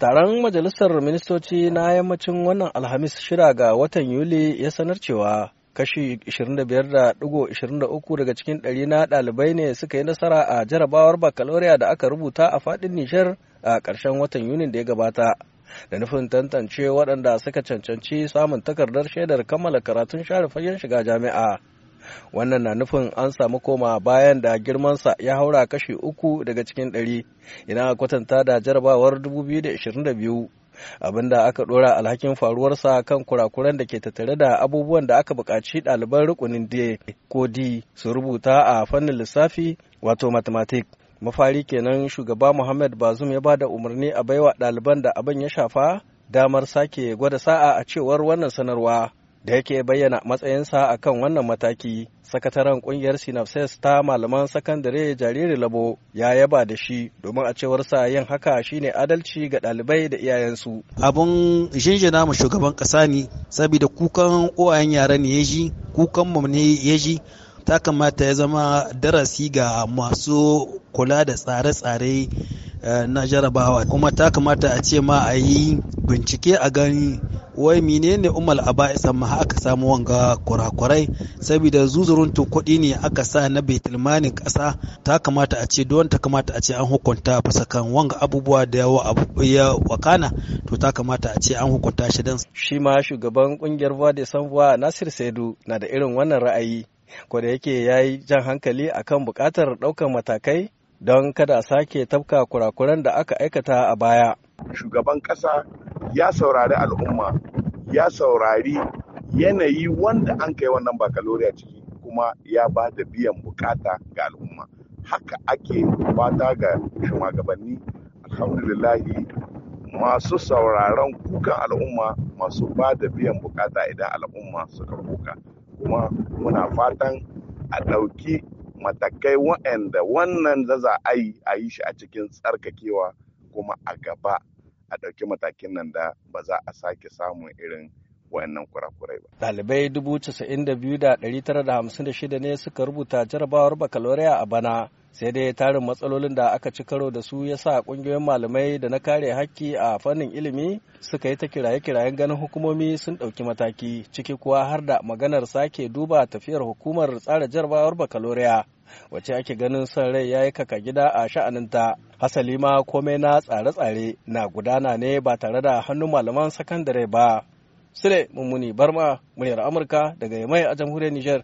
Taron Majalisar Ministoci na yammacin wannan Alhamis shida ga watan Yuli ya sanar cewa kashi 25.23 daga cikin ɗari na ɗalibai ne suka yi nasara a jarabawar baccalaureate da aka rubuta a faɗin Nijar a ƙarshen watan Yunin da ya gabata. Da nufin tantance waɗanda suka cancanci samun takardar shaidar kammala karatun share fagen shiga jami'a. wannan na nufin an samu koma bayan da girmansa ya haura kashi uku daga cikin ɗari idan a kwatanta da jarabawar 2022 abinda aka ɗora alhakin faruwarsa kan kurakuran da ke tattare da abubuwan da aka buƙaci ɗaliban rukunin d ko d su rubuta a fannin lissafi wato mathematic mafari kenan shugaba muhammad bazum ya ba da umarni a baiwa ɗaliban da abin ya shafa damar sake gwada sa'a a cewar wannan sanarwa da yake bayyana matsayinsa a kan wannan mataki sakataren kungiyar synapses ta malaman sakandare jariri labo ya yaba da shi domin a cewar sa yin haka shine adalci ga ɗalibai da iyayensu abun jinjina mu shugaban ƙasa ne saboda kukan uwayen yara ne ya kukan mu ne ya ta kamata ya zama darasi ga masu kula da tsare-tsare eh, na jarabawa kuma ta kamata a ce ma a yi bincike a gani wai menene umal aba'isa ma aka samu wanga kurakurai saboda zuzuruntu kuɗi ne aka sa na betulmanin ƙasa ta kamata a ce don ta kamata a ce an hukunta bisa kan wanga abubuwa da yawa ya wakana to ta kamata a ce an hukunta shi don shi ma shugaban kungiyar da san buwa nasir saidu na da irin wannan ra'ayi ko da yake ya yi jan hankali akan buƙatar ɗaukar matakai don kada a sake tafka kurakuran da aka aikata a baya. Shugaban ƙasa ya saurari al'umma ya saurari yanayi wanda an kai wannan bakaloriya ciki kuma ya ba da biyan bukata ga al'umma haka ake fata ga shugabanni alhamdulillahi masu sauraron kukan al'umma masu ba da biyan bukata idan al'umma suka kuka kuma muna fatan a ɗauki matakai wa'anda wannan da za a yi a yi shi a cikin tsarkakewa kuma a gaba a ɗauki matakin nan da ba za a sake samun irin wannan kurakurai ba. Ɗalibai 92,956 ne suka rubuta jarabawar bakaloriya a bana sai dai tarin matsalolin da aka ci karo da su ya sa ƙungiyoyin malamai da na kare hakki a fannin ilimi suka yi ta kiraye-kirayen ganin hukumomi sun ɗauki mataki ciki kuwa har da maganar sake duba tafiyar hukumar tsara jarabawar bakaloriya wace ake ganin son rai ya yi kaka gida a sha'aninta. hasali ma komai na tsare-tsare na gudana ne ba tare da hannun malaman sakandare ba sule mummuni barma muryar amurka daga yamai a jamhuriyar nijar.